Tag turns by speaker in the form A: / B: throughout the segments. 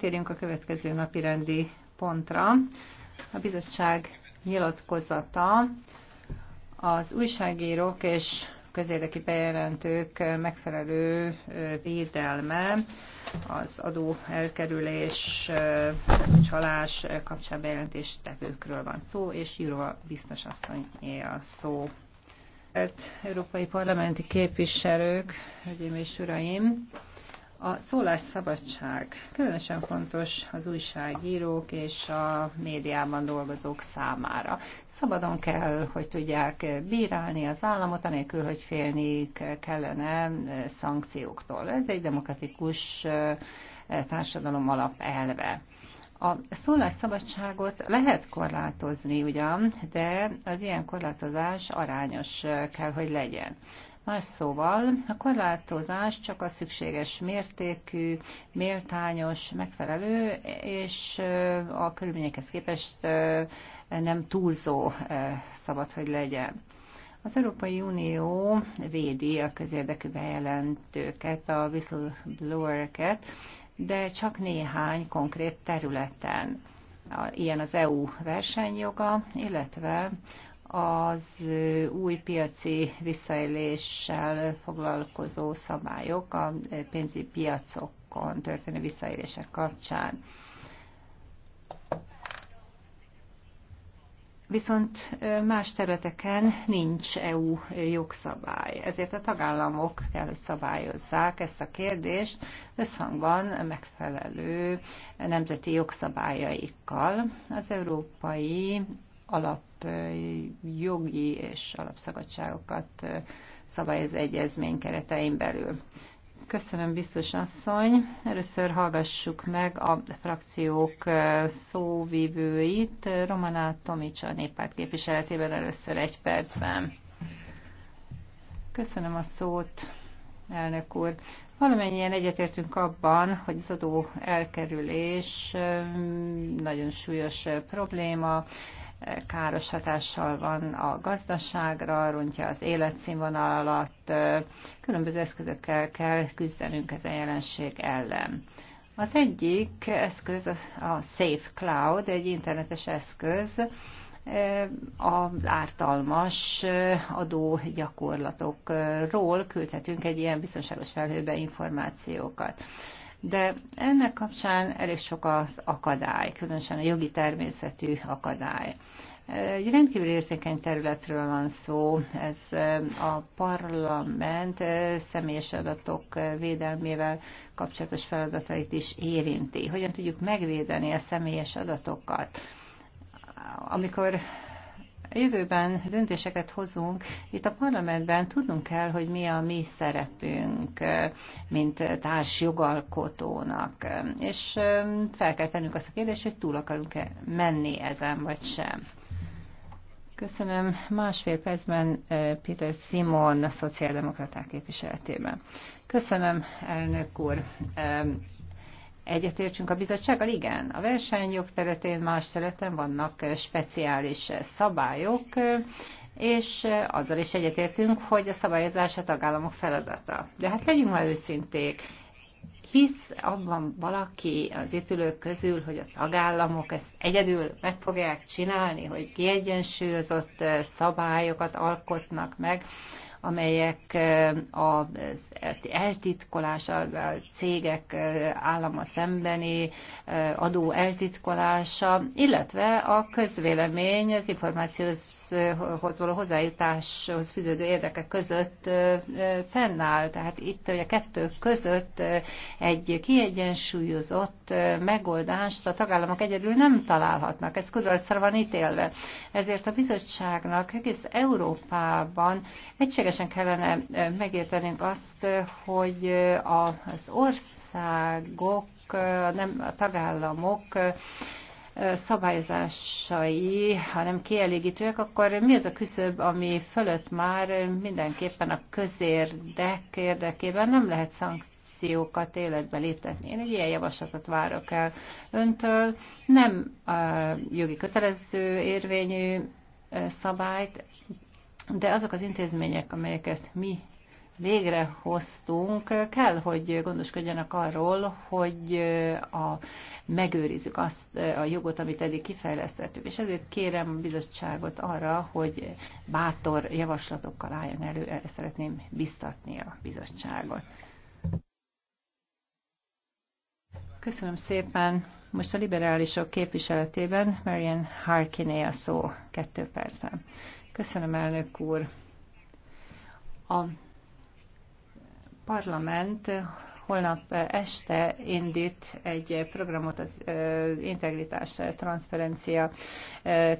A: Térjünk a következő napi rendi pontra. A bizottság nyilatkozata az újságírók és közérdeki bejelentők megfelelő védelme az adó elkerülés, csalás kapcsán bejelentés tevőkről van szó, és Jurova biztos asszonyé a szó. Hát, Európai parlamenti képviselők, hölgyeim és uraim, a szólásszabadság különösen fontos az újságírók és a médiában dolgozók számára. Szabadon kell, hogy tudják bírálni az államot, anélkül, hogy félni kellene eh, szankcióktól. Ez egy demokratikus eh, társadalom alapelve. A szólásszabadságot lehet korlátozni ugyan, de az ilyen korlátozás arányos eh, kell, hogy legyen. Más szóval, a korlátozás csak a szükséges mértékű, méltányos, megfelelő és a körülményekhez képest nem túlzó szabad, hogy legyen. Az Európai Unió védi a közérdekű bejelentőket, a whistleblowereket, de csak néhány konkrét területen. Ilyen az EU versenyjoga, illetve az új piaci visszaéléssel foglalkozó szabályok a pénzügyi piacokon történő visszaélések kapcsán. Viszont más területeken nincs EU jogszabály, ezért a tagállamok kell, hogy szabályozzák ezt a kérdést összhangban megfelelő nemzeti jogszabályaikkal. Az európai alapjogi és alapszabadságokat szabályoz egyezmény keretein belül. Köszönöm, biztos asszony. Először hallgassuk meg a frakciók szóvívőit. Romaná Tomics a néppárt képviseletében először egy percben. Köszönöm a szót, elnök úr. Valamennyien egyetértünk abban, hogy az adó elkerülés nagyon súlyos probléma, káros hatással van a gazdaságra, rontja az alatt különböző eszközökkel kell küzdenünk ezen jelenség ellen. Az egyik eszköz a Safe Cloud, egy internetes eszköz, az ártalmas adógyakorlatokról küldhetünk egy ilyen biztonságos felhőbe információkat de ennek kapcsán elég sok az akadály, különösen a jogi természetű akadály. Egy rendkívül érzékeny területről van szó, ez eh, a parlament eh, személyes adatok eh, védelmével kapcsolatos feladatait is érinti. Hogyan tudjuk megvédeni a személyes adatokat? Amikor jövőben döntéseket hozunk, itt a parlamentben tudnunk kell, hogy mi a mi szerepünk, mint társ jogalkotónak. És fel kell tennünk azt a kérdést, hogy túl akarunk-e menni ezen, vagy sem. Köszönöm. Másfél percben eh, Péter Simon, a szociáldemokraták képviseletében. Köszönöm, elnök úr egyetértsünk a bizottsággal? Igen, a versenyjog területén, más területen vannak speciális szabályok, és azzal is egyetértünk, hogy a szabályozás a tagállamok feladata. De hát legyünk már őszinték, hisz abban valaki az itt ülők közül, hogy a tagállamok ezt egyedül meg fogják csinálni, hogy kiegyensúlyozott szabályokat alkotnak meg, amelyek az eltitkolása, a cégek állama szembeni adó eltitkolása, illetve a közvélemény az információhoz való hozzájutáshoz fűződő érdekek között fennáll. Tehát itt a kettő között egy kiegyensúlyozott megoldást a tagállamok egyedül nem találhatnak. Ez kudarcra van ítélve. Ezért a bizottságnak egész Európában egységes ténylegesen kellene megértenünk azt, hogy az országok, nem a tagállamok szabályozásai, ha nem kielégítőek, akkor mi az a küszöb, ami fölött már mindenképpen a közérdek érdekében nem lehet szankció életbe léptetni. Én egy ilyen javaslatot várok el öntől. Nem a jogi kötelező érvényű szabályt, de azok az intézmények, amelyeket mi végrehoztunk, kell, hogy gondoskodjanak arról, hogy a, megőrizzük azt a jogot, amit eddig kifejlesztettük. És ezért kérem a bizottságot arra, hogy bátor javaslatokkal álljon elő, erre szeretném biztatni a bizottságot. Köszönöm szépen. Most a liberálisok képviseletében Marian Harkiné a szó kettő percben. Köszönöm, elnök úr. A parlament holnap este indít egy programot az integritás transzferencia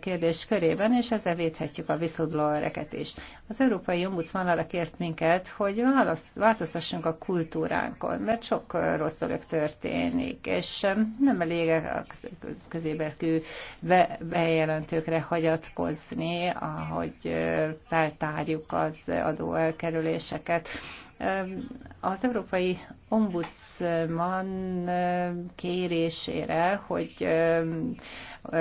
A: kérdés körében, és ezzel védhetjük a whistleblowereket is. Az Európai Ombudsman arra kért minket, hogy változtassunk a kultúránkon, mert sok rossz dolog történik, és nem elég a közébekű bejelentőkre hagyatkozni, ahogy feltárjuk az adóelkerüléseket. Az Európai Ombudsman kérésére, hogy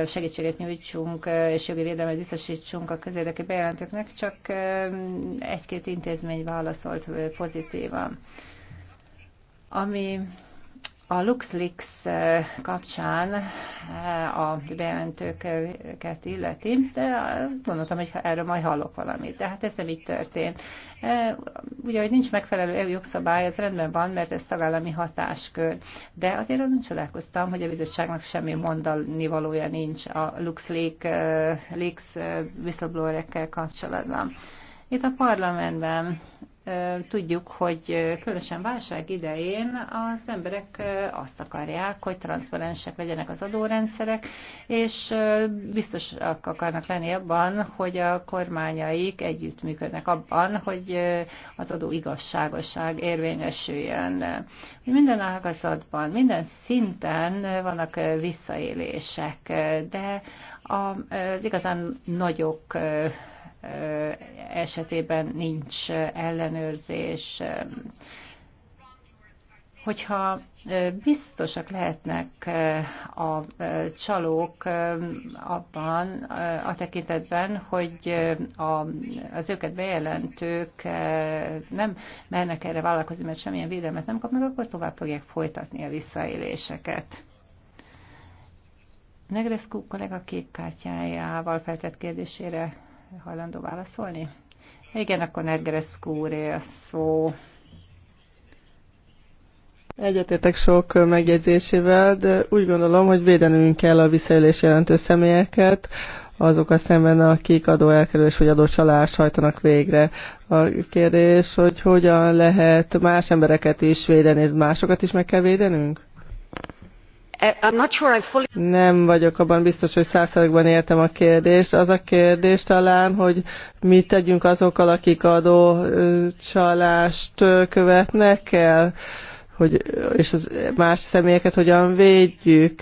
A: segítséget nyújtsunk és jogi védelmet biztosítsunk a közérdekű bejelentőknek, csak egy-két intézmény válaszolt pozitívan. Ami a LuxLeaks kapcsán a bejelentőket illeti, de gondoltam, hogy erről majd hallok valamit. De hát ez nem így történt. Ugye, hogy nincs megfelelő EU jogszabály, az rendben van, mert ez tagállami hatáskör. De azért nem csodálkoztam, hogy a bizottságnak semmi mondani valója nincs a LuxLeaks whistleblower-ekkel kapcsolatban. Itt a parlamentben tudjuk, hogy különösen válság idején az emberek azt akarják, hogy transzparensek legyenek az adórendszerek, és biztosak akarnak lenni abban, hogy a kormányaik együttműködnek abban, hogy az adó igazságosság érvényesüljön. Minden ágazatban, minden szinten vannak visszaélések, de az igazán nagyok esetében nincs ellenőrzés. Hogyha biztosak lehetnek a csalók abban a tekintetben, hogy az őket bejelentők nem mernek erre vállalkozni, mert semmilyen védelmet nem kapnak, akkor tovább fogják folytatni a visszaéléseket. Negrescu kollega képkártyájával feltett kérdésére hajlandó válaszolni? Igen, akkor Nergereszkú úré a szó.
B: Egyetértek sok megjegyzésével, de úgy gondolom, hogy védenünk kell a visszaélés jelentő személyeket, azok a szemben, akik adóelkerülés vagy adócsalást hajtanak végre. A kérdés, hogy hogyan lehet más embereket is védeni, másokat is meg kell védenünk? Nem vagyok abban biztos, hogy százszerzőkben értem a kérdést. Az a kérdés talán, hogy mit tegyünk azokkal, akik adócsalást követnek el, hogy, és az más személyeket hogyan védjük.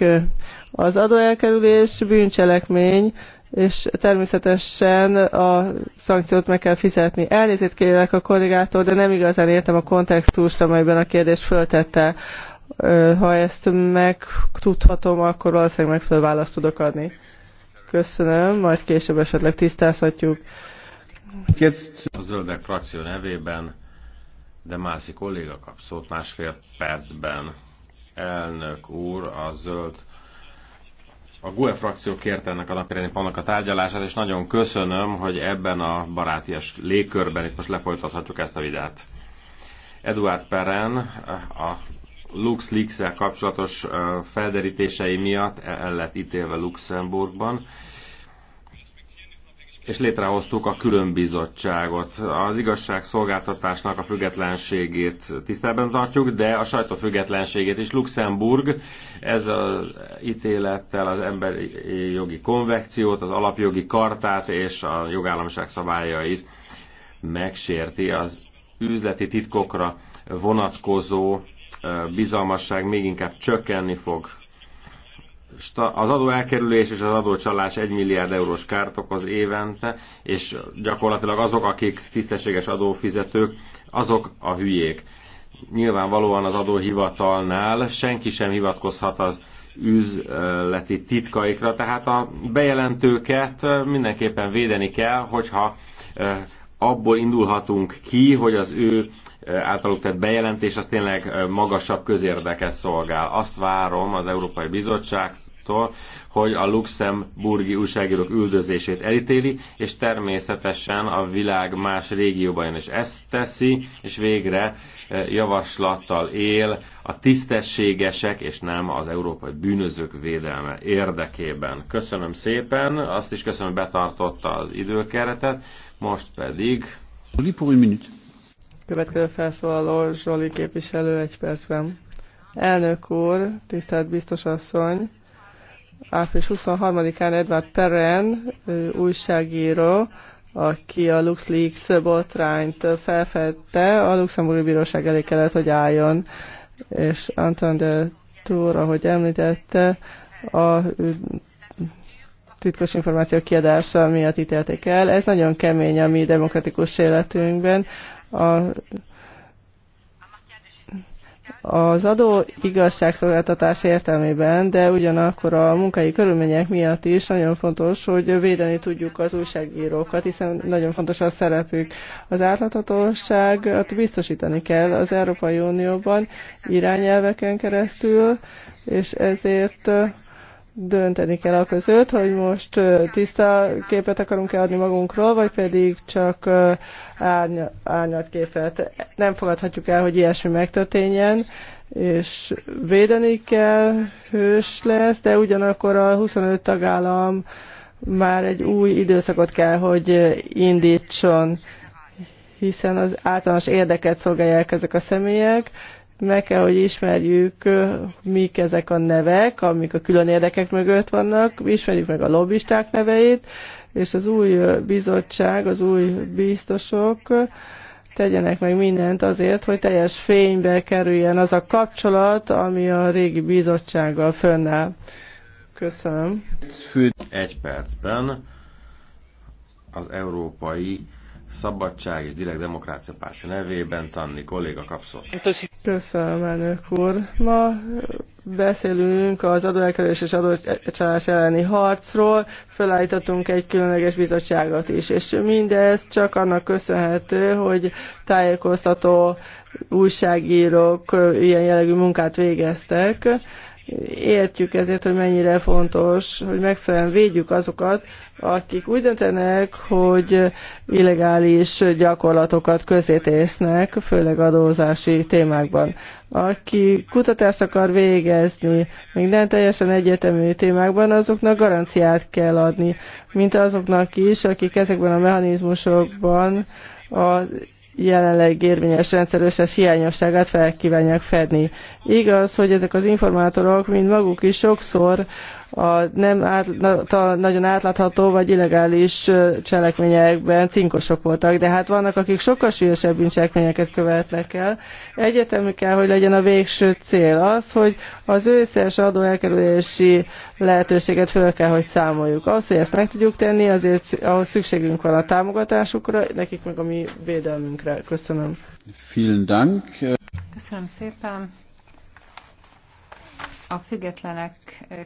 B: Az adóelkerülés bűncselekmény, és természetesen a szankciót meg kell fizetni. Elnézést kérek a kollégától, de nem igazán értem a kontextust, amelyben a kérdést föltette. Ha ezt megtudhatom, akkor valószínűleg megfelelő választ tudok adni. Köszönöm, majd később esetleg tisztázhatjuk.
C: A zöldek frakció nevében de Mászi kolléga kap szót másfél percben. Elnök úr, a zöld a GUE frakció kért ennek a napirendi pontnak a tárgyalását, és nagyon köszönöm, hogy ebben a barátias légkörben itt most lefolytathatjuk ezt a videát. Eduard Peren, a LuxLeaks-el kapcsolatos felderítései miatt e-, el lett ítélve Luxemburgban, és létrehoztuk a különbizottságot. Az igazságszolgáltatásnak a függetlenségét tisztelben tartjuk, de a sajtó függetlenségét is. Luxemburg ez az ítélettel az emberi jogi konvekciót, az alapjogi kartát és a jogállamiság szabályait megsérti. Az üzleti titkokra vonatkozó bizalmasság még inkább csökkenni fog. Az adó elkerülés és az adócsalás 1 milliárd eurós kárt okoz évente, és gyakorlatilag azok, akik tisztességes adófizetők, azok a hülyék. Nyilvánvalóan az adóhivatalnál senki sem hivatkozhat az üzleti titkaikra, tehát a bejelentőket mindenképpen védeni kell, hogyha abból indulhatunk ki, hogy az ő általuk tett bejelentés az tényleg magasabb közérdeket szolgál. Azt várom az Európai Bizottság bizottságtól, hogy a luxemburgi újságírók üldözését elítéli, és természetesen a világ más régióban is ezt teszi, és végre eh, javaslattal él a tisztességesek, és nem az európai bűnözők védelme érdekében. Köszönöm szépen, azt is köszönöm, hogy betartotta az időkeretet, most pedig...
B: Következő felszólaló Zsoli képviselő egy percben. Elnök úr, tisztelt biztos asszony, április 23-án Edward Perren újságíró, aki a LuxLeaks botrányt felfedte, a Luxemburgi Bíróság elé kellett, hogy álljon, és Anton de Tour, ahogy említette, a titkos információk kiadása miatt ítélték el. Ez nagyon kemény a mi demokratikus életünkben. A az adó igazságszolgáltatás értelmében, de ugyanakkor a munkai körülmények miatt is nagyon fontos, hogy védeni tudjuk az újságírókat, hiszen nagyon fontos a szerepük. Az átláthatóságot biztosítani kell az Európai Unióban irányelveken keresztül, és ezért dönteni kell a között, hogy most tiszta képet akarunk-e adni magunkról, vagy pedig csak árny árnyat képet. Nem fogadhatjuk el, hogy ilyesmi megtörténjen, és védeni kell, hős lesz, de ugyanakkor a 25 tagállam már egy új időszakot kell, hogy indítson, hiszen az általános érdeket szolgálják ezek a személyek, meg kell, hogy ismerjük, mik ezek a nevek, amik a külön érdekek mögött vannak, ismerjük meg a lobbisták neveit, és az új bizottság, az új biztosok tegyenek meg mindent azért, hogy teljes fénybe kerüljen az a kapcsolat, ami a régi bizottsággal fönnáll. Köszönöm.
C: Egy percben az európai Szabadság és Direkt Demokrácia Pártja nevében Czanni kolléga kapszol.
B: Köszönöm, elnök úr. Ma beszélünk az adóelkerülés és adócsalás elleni harcról, felállítottunk egy különleges bizottságot is, és mindez csak annak köszönhető, hogy tájékoztató újságírók ilyen jellegű munkát végeztek, Értjük ezért, hogy mennyire fontos, hogy megfelelően védjük azokat, akik úgy döntenek, hogy illegális gyakorlatokat közétésznek, főleg adózási témákban. Aki kutatást akar végezni, még nem teljesen egyetemű témákban, azoknak garanciát kell adni, mint azoknak is, akik ezekben a mechanizmusokban az jelenleg érvényes rendszer összes hiányosságát fel kívánják fedni. Igaz, hogy ezek az informátorok, mint maguk is sokszor a nem átla, nagyon átlátható vagy illegális cselekményekben cinkosok voltak, de hát vannak, akik sokkal súlyosabb bűncselekményeket követnek el. Egyetemű kell, hogy legyen a végső cél az, hogy az összes adóelkerülési lehetőséget föl kell, hogy számoljuk. Ahhoz, hogy ezt meg tudjuk tenni, azért ahhoz szükségünk van a támogatásukra, nekik meg a mi védelmünkre. Köszönöm.
C: Vielen Dank.
A: Köszönöm szépen. A függetlenek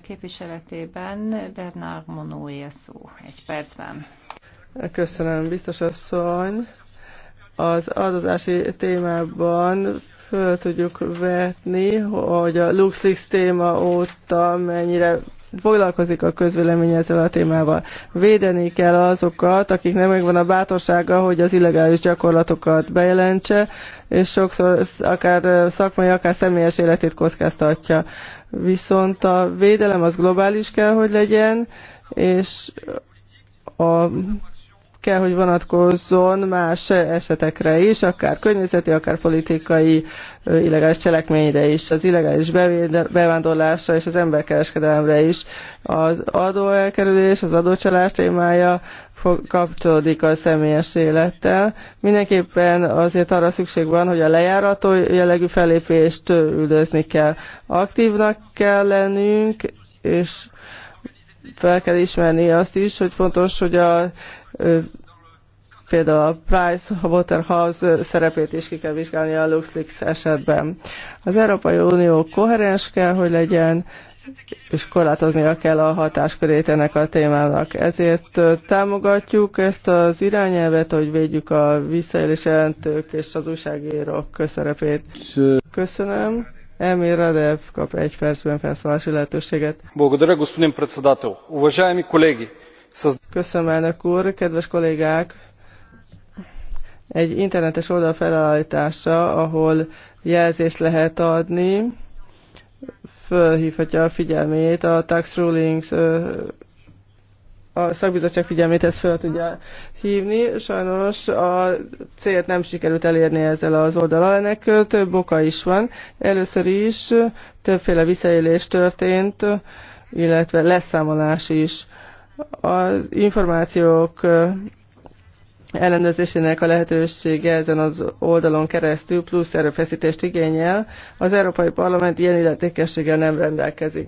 A: képviseletében Bernard a szó egy percben.
B: Köszönöm, biztos asszony. Az adózási témában föl tudjuk vetni, hogy a LuxLeaks téma óta mennyire foglalkozik a közvélemény ezzel a témával. Védeni kell azokat, akiknek megvan a bátorsága, hogy az illegális gyakorlatokat bejelentse, és sokszor akár szakmai, akár személyes életét kockáztatja. Viszont a védelem az globális kell, hogy legyen, és a kell, hogy vonatkozzon más esetekre is, akár környezeti, akár politikai illegális cselekményre is, az illegális bevándorlásra és az emberkereskedelemre is. Az adóelkerülés, az adócsalás témája kapcsolódik a személyes élettel. Mindenképpen azért arra szükség van, hogy a lejárató jellegű fellépést üldözni kell. Aktívnak kell lennünk, és fel kell ismerni azt is, hogy fontos, hogy a például a Price Waterhouse szerepét is ki kell vizsgálni a LuxLeaks esetben. Az Európai Unió koherens kell, hogy legyen, és korlátoznia kell a hatáskörét ennek a témának. Ezért támogatjuk ezt az irányelvet, hogy védjük a visszaélés jelentők és az újságírók szerepét. Köszönöm. Emir Radev kap egy percben felszólási lehetőséget. Köszönöm, elnök úr, kedves kollégák! Egy internetes oldal felállítása, ahol jelzést lehet adni, fölhívhatja a figyelmét a tax rulings a szakbizottság figyelmét ezt fel tudja hívni. Sajnos a célt nem sikerült elérni ezzel az oldalal. Ennek több oka is van. Először is többféle visszaélés történt, illetve leszámolás is. Az információk ellenőrzésének a lehetősége ezen az oldalon keresztül plusz erőfeszítést igényel. Az Európai Parlament ilyen illetékességgel nem rendelkezik.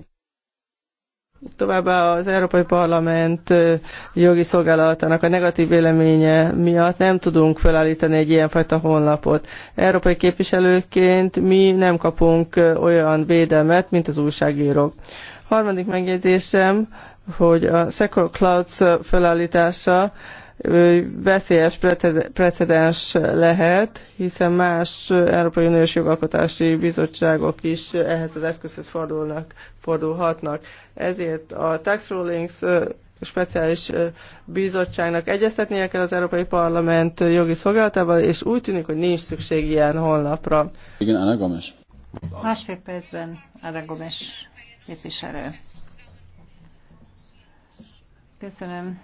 B: Továbbá az Európai Parlament jogi szolgálatának a negatív véleménye miatt nem tudunk felállítani egy ilyenfajta honlapot. Európai képviselőként mi nem kapunk olyan védelmet, mint az újságírók. Harmadik megjegyzésem, hogy a Secure Clouds felállítása veszélyes precedens lehet, hiszen más Európai Uniós jogalkotási bizottságok is ehhez az eszközhöz fordulnak, fordulhatnak. Ezért a Tax Rulings speciális bizottságnak egyeztetnie kell az Európai Parlament jogi szolgálatával, és úgy tűnik, hogy nincs szükség ilyen honlapra.
C: Igen, Ana Gomes.
A: Másfél percben Ana Gomes képviselő. Köszönöm.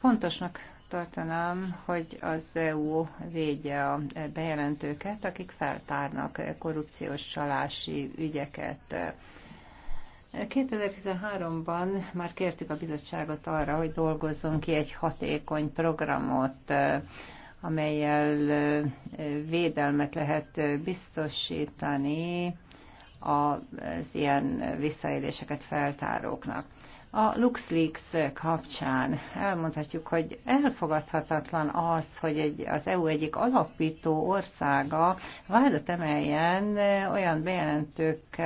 A: Fontosnak tartanám, hogy az EU védje a bejelentőket, akik feltárnak korrupciós csalási ügyeket. 2013-ban már kértük a bizottságot arra, hogy dolgozzon ki egy hatékony programot, amelyel védelmet lehet biztosítani az ilyen visszaéléseket feltáróknak. A LuxLeaks kapcsán elmondhatjuk, hogy elfogadhatatlan az, hogy egy, az EU egyik alapító országa vádat emeljen olyan bejelentők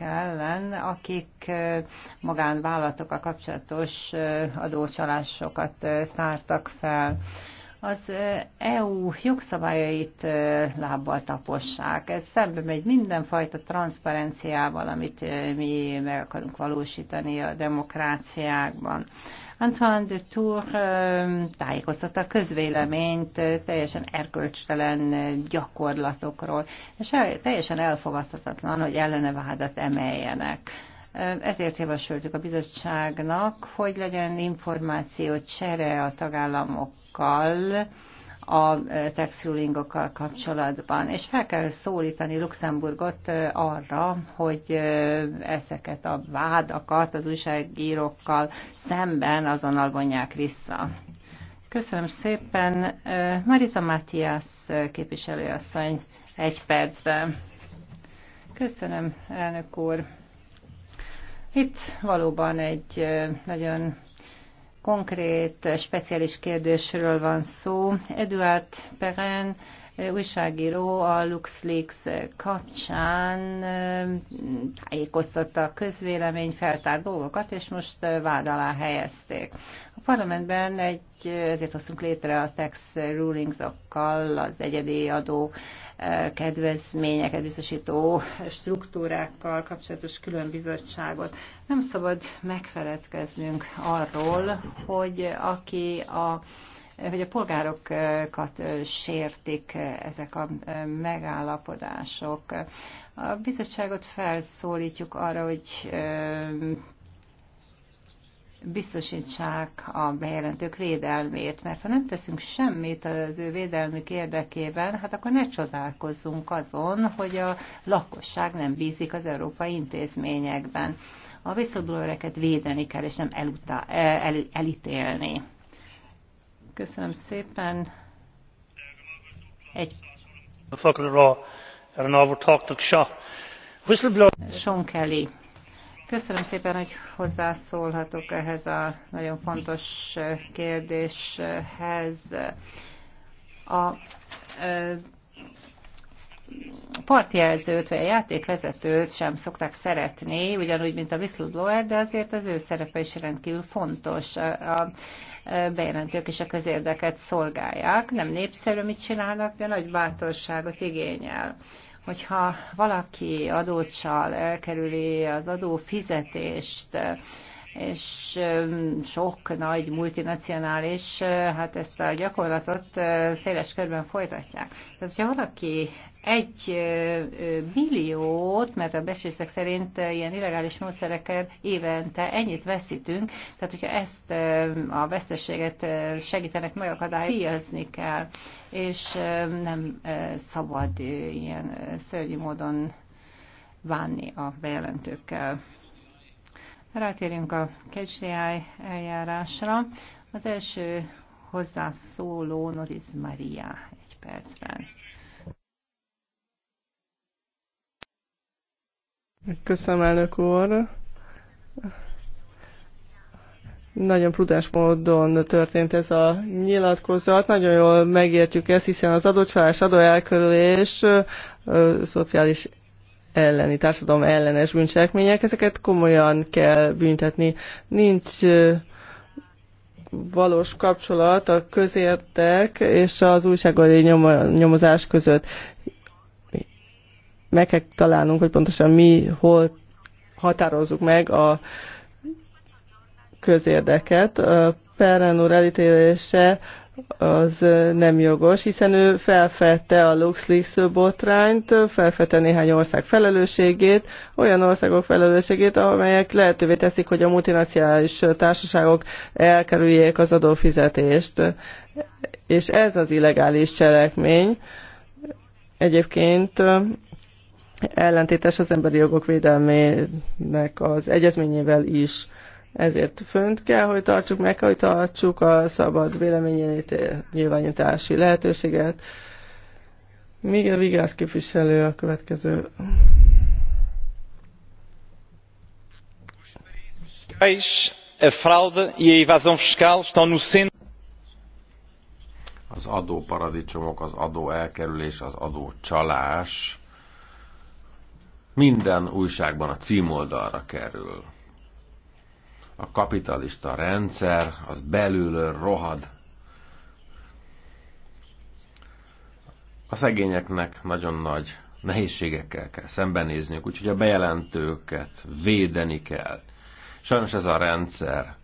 A: ellen, akik magánvállalatokkal kapcsolatos adócsalásokat tártak fel az EU jogszabályait lábbal tapossák. Ez szembe megy mindenfajta transzparenciával, amit mi meg akarunk valósítani a demokráciákban. Antoine de Tour tájékoztatta a közvéleményt teljesen erkölcstelen gyakorlatokról, és teljesen elfogadhatatlan, hogy ellene vádat emeljenek. Ezért javasoltuk a bizottságnak, hogy legyen információ csere a tagállamokkal, a textilingokkal kapcsolatban. És fel kell szólítani Luxemburgot arra, hogy ezeket a vádakat az újságírókkal szemben azonnal vonják vissza. Köszönöm szépen. Marisa Matthias képviselőasszony egy percben. Köszönöm, elnök úr. Itt valóban egy nagyon konkrét, speciális kérdésről van szó. Eduard Perren újságíró a LuxLeaks kapcsán tájékoztatta a közvélemény, feltárt dolgokat, és most vád alá helyezték. A parlamentben egy, ezért hoztunk létre a tax rulingsokkal, az egyedi adó kedvezményeket biztosító struktúrákkal kapcsolatos külön bizottságot. Nem szabad megfeledkeznünk arról, hogy aki a hogy a polgárokat sértik ezek a megállapodások. A bizottságot felszólítjuk arra, hogy biztosítsák a bejelentők védelmét, mert ha nem teszünk semmit az ő védelmük érdekében, hát akkor ne csodálkozzunk azon, hogy a lakosság nem bízik az európai intézményekben. A whistleblowereket védeni kell, és nem elutá, el, el, elítélni. Köszönöm szépen. Egy. Sean Kelly. Köszönöm szépen, hogy hozzászólhatok ehhez a nagyon fontos kérdéshez. A partjelzőt vagy a játékvezetőt sem szokták szeretni, ugyanúgy, mint a whistleblower, de azért az ő szerepe is rendkívül fontos. A bejelentők és a közérdeket szolgálják. Nem népszerű, mit csinálnak, de nagy bátorságot igényel hogyha valaki adócsal elkerüli az adófizetést, és sok nagy multinacionális, hát ezt a gyakorlatot széles körben folytatják. Tehát, hogyha valaki egy milliót, mert a beszések szerint ilyen illegális módszerekkel évente ennyit veszítünk, tehát hogyha ezt a veszteséget segítenek megakadályozni, díjazni kell, és nem szabad ilyen szörnyű módon bánni a bejelentőkkel. Rátérünk a KGI eljárásra. Az első hozzászóló Noriz Maria egy percben.
B: Köszönöm, elnök úr. Nagyon prudens módon történt ez a nyilatkozat. Nagyon jól megértjük ezt, hiszen az adócsalás, adóelkörülés, szociális elleni, társadalom ellenes bűncselekmények, ezeket komolyan kell büntetni. Nincs valós kapcsolat a közértek és az újságolói nyomozás között. Meg kell találnunk, hogy pontosan mi, hol határozzuk meg a közérdeket. A úr elítélése az nem jogos, hiszen ő felfedte a LuxLeaks botrányt, felfedte néhány ország felelősségét, olyan országok felelősségét, amelyek lehetővé teszik, hogy a multinacionális társaságok elkerüljék az adófizetést. És ez az illegális cselekmény. Egyébként ellentétes az emberi jogok védelmének az egyezményével is. Ezért fönt kell, hogy tartsuk, meg kell, hogy tartsuk a szabad véleményét, nyilvánítási lehetőséget. Még a Vigász képviselő a következő.
C: A e a az adóparadicsomok, az adó elkerülés, az adó csalás minden újságban a címoldalra kerül a kapitalista rendszer az belülről rohad. A szegényeknek nagyon nagy nehézségekkel kell szembenézniük, úgyhogy a bejelentőket védeni kell. Sajnos ez a rendszer,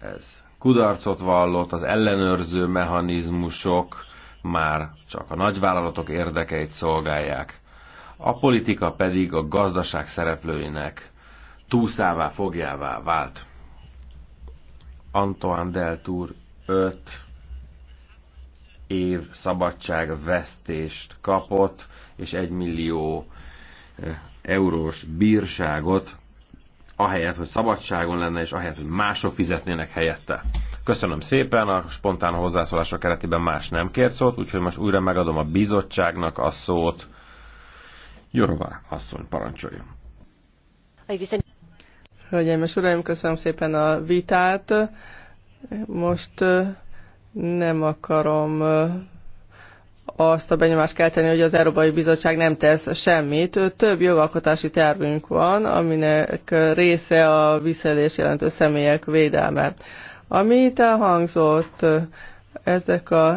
C: ez kudarcot vallott, az ellenőrző mechanizmusok már csak a nagyvállalatok érdekeit szolgálják. A politika pedig a gazdaság szereplőinek túlszává fogjává vált. Antoine Deltour 5 év szabadság vesztést kapott, és 1 millió eurós bírságot, ahelyett, hogy szabadságon lenne, és ahelyett, hogy mások fizetnének helyette. Köszönöm szépen, a spontán hozzászólása keretében más nem kért szót, úgyhogy most újra megadom a bizottságnak a szót. Jorová asszony, parancsoljon.
B: Hölgyeim és Uraim, köszönöm szépen a vitát. Most nem akarom azt a benyomást kelteni, hogy az Európai Bizottság nem tesz semmit. Több jogalkotási tervünk van, aminek része a visszaélés jelentő személyek védelme. Amit elhangzott, ezek a,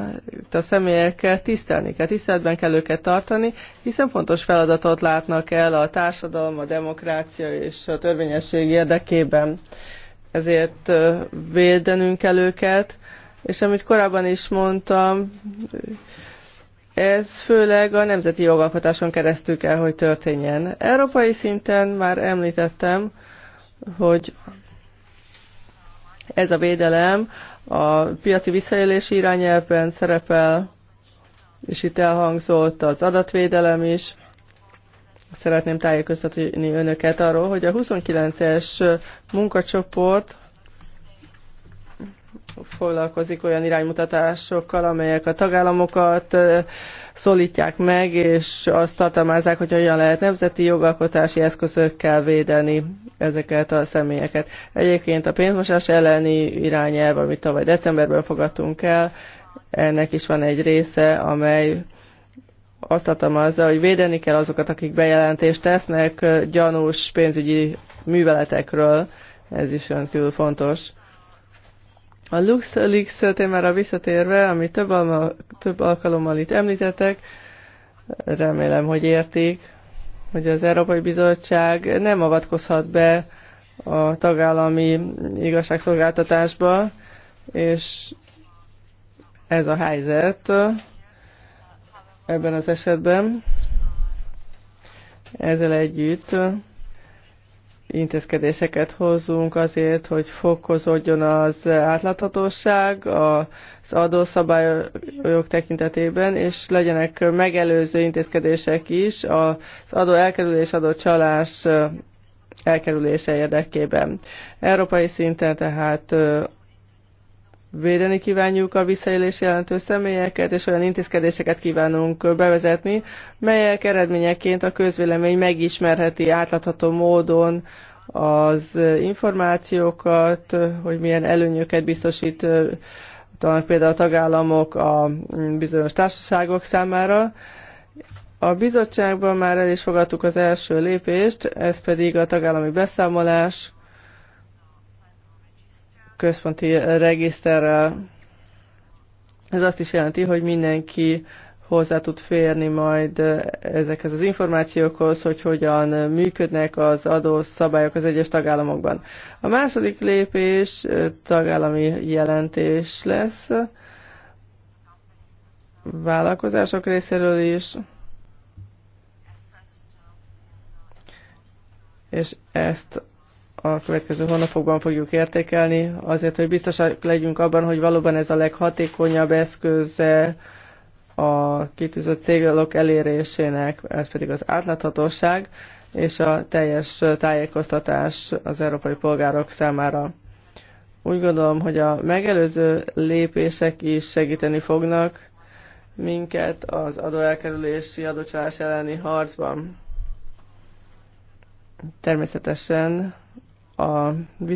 B: a személyeket tisztelni kell, tiszteletben kell őket tartani, hiszen fontos feladatot látnak el a társadalom, a demokrácia és a törvényesség érdekében. Ezért védenünk kell őket, és amit korábban is mondtam, ez főleg a nemzeti jogalkotáson keresztül kell, hogy történjen. Európai szinten már említettem, hogy ez a védelem a piaci visszaélési irányelvben szerepel, és itt elhangzott az adatvédelem is. Szeretném tájékoztatni önöket arról, hogy a 29-es munkacsoport foglalkozik olyan iránymutatásokkal, amelyek a tagállamokat szólítják meg, és azt tartalmazzák, hogy hogyan lehet nemzeti jogalkotási eszközökkel védeni ezeket a személyeket. Egyébként a pénzmosás elleni irányelv, amit tavaly decemberben fogadtunk el, ennek is van egy része, amely azt tartalmazza, hogy védeni kell azokat, akik bejelentést tesznek gyanús pénzügyi műveletekről. Ez is rendkívül fontos a LuxLeaks témára visszatérve, amit több, alma, több alkalommal itt említettek, remélem, hogy értik, hogy az Európai Bizottság nem avatkozhat be a tagállami igazságszolgáltatásba, és ez a helyzet ebben az esetben. Ezzel együtt intézkedéseket hozzunk azért, hogy fokozódjon az átláthatóság az adószabályok tekintetében, és legyenek megelőző intézkedések is az adó elkerülés, adó csalás elkerülése érdekében. Európai szinten tehát Védeni kívánjuk a visszaélés jelentő személyeket, és olyan intézkedéseket kívánunk bevezetni, melyek eredményeként a közvélemény megismerheti átlátható módon az információkat, hogy milyen előnyöket biztosít például a tagállamok a bizonyos társaságok számára. A bizottságban már el is fogadtuk az első lépést, ez pedig a tagállami beszámolás központi regiszterrel. Ez azt is jelenti, hogy mindenki hozzá tud férni majd eh, ezekhez az információkhoz, hogy hogyan működnek az adós szabályok az egyes tagállamokban. A második lépés eh, tagállami jelentés lesz, vállalkozások részéről is, és ezt a következő hónapokban fogjuk értékelni, azért, hogy biztosak legyünk abban, hogy valóban ez a leghatékonyabb eszköze a kitűzött célok elérésének, ez pedig az átláthatóság és a teljes tájékoztatás az európai polgárok számára. Úgy gondolom, hogy a megelőző lépések is segíteni fognak minket az adóelkerülési adócsalás elleni harcban. Természetesen a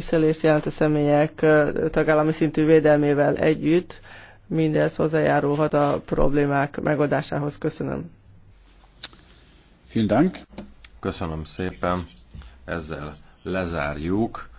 B: jelent jelentő személyek tagállami szintű védelmével együtt mindez hozzájárulhat a problémák megoldásához. Köszönöm.
C: Vielen Dank. Köszönöm szépen. Ezzel lezárjuk